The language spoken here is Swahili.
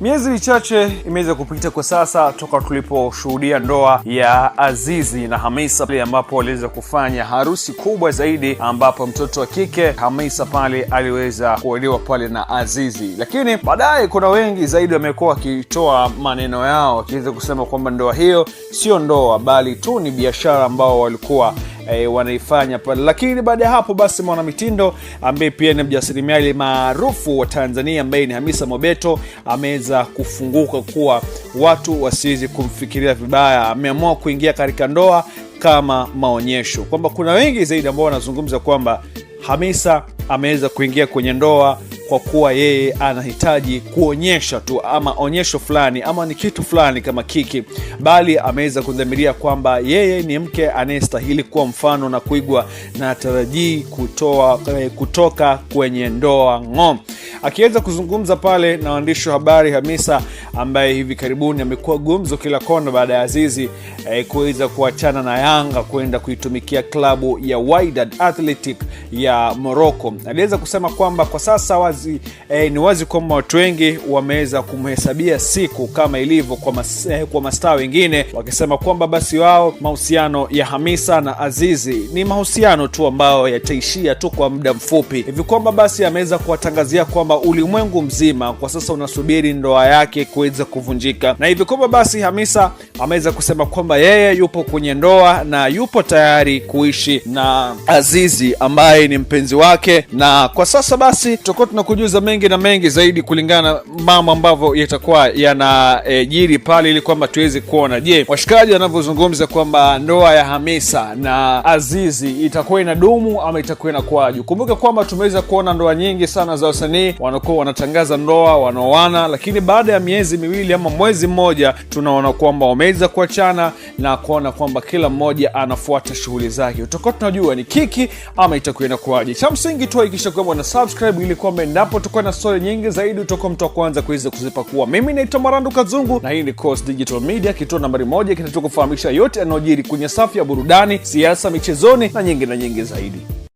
Miezi michache imeweza kupita kwa sasa toka tuliposhuhudia ndoa ya Azizi na Hamisa pale ambapo waliweza kufanya harusi kubwa zaidi, ambapo mtoto wa kike Hamisa pale aliweza kuolewa pale na Azizi. Lakini baadaye kuna wengi zaidi wamekuwa wakitoa maneno yao wakiweza kusema kwamba ndoa hiyo sio ndoa, bali tu ni biashara ambao walikuwa eh, wanaifanya pale. Lakini baada ya hapo basi, mwanamitindo ambaye pia ni mjasiriamali maarufu wa Tanzania ambaye ni Hamisa Mobeto ameweza kufunguka kuwa watu wasiwezi kumfikiria vibaya. Ameamua kuingia katika ndoa kama maonyesho, kwamba kuna wengi zaidi ambao wanazungumza kwamba Hamisa ameweza kuingia kwenye ndoa kwa kuwa yeye anahitaji kuonyesha tu ama onyesho fulani ama ni kitu fulani kama kiki, bali ameweza kudhamiria kwamba yeye ni mke anayestahili kuwa mfano na kuigwa na atarajii kutoa, eh, kutoka kwenye ndoa ng'o akiweza kuzungumza pale na waandishi wa habari Hamisa, ambaye hivi karibuni amekuwa gumzo kila kona baada ya Azizi eh, kuweza kuachana na Yanga kwenda kuitumikia klabu ya Wydad Athletic ya Morocco, aliweza kusema kwamba kwa sasa wazi, eh, ni wazi kwamba watu wengi wameweza kumhesabia siku kama ilivyo kwa, mas, eh, kwa mastaa wengine, wakisema kwamba basi wao mahusiano ya Hamisa na Azizi ni mahusiano tu ambayo yataishia tu kwa muda mfupi hivi, kwamba basi ameweza kuwatangazia kwamba kwamba ulimwengu mzima kwa sasa unasubiri ndoa yake kuweza kuvunjika, na hivyo kwamba basi Hamisa ameweza kusema kwamba yeye yupo kwenye ndoa na yupo tayari kuishi na Azizi ambaye ni mpenzi wake, na kwa sasa basi tutakuwa tunakujuza mengi na mengi zaidi kulingana na mambo ambavyo yatakuwa yanajiri e, pale, ili kwamba tuweze kuona je, washikaji wanavyozungumza kwamba ndoa ya Hamisa na Azizi itakuwa inadumu ama itakuwa inakuwaje. Kumbuka kwamba tumeweza kuona ndoa nyingi sana za wasanii wanakuwa wanatangaza ndoa, wanaoana, lakini baada ya miezi miwili ama mwezi mmoja tunaona kwamba wameweza kuachana na kuona kwamba kila mmoja anafuata shughuli zake. utakuwa tunajua ni kiki ama itakuwa inakuwaje. Cha msingi tu hakikisha kwamba una subscribe ili kwamba endapo tutakuwa na stori nyingi zaidi utakuwa mtu wa kwanza kuweza kuzipakua. Mimi naitwa Marandu Kazungu na hii ni Coast Digital Media, kituo nambari moja kinachokufahamisha yote yanayojiri kwenye safu ya burudani, siasa, michezoni na nyingi na nyingi zaidi.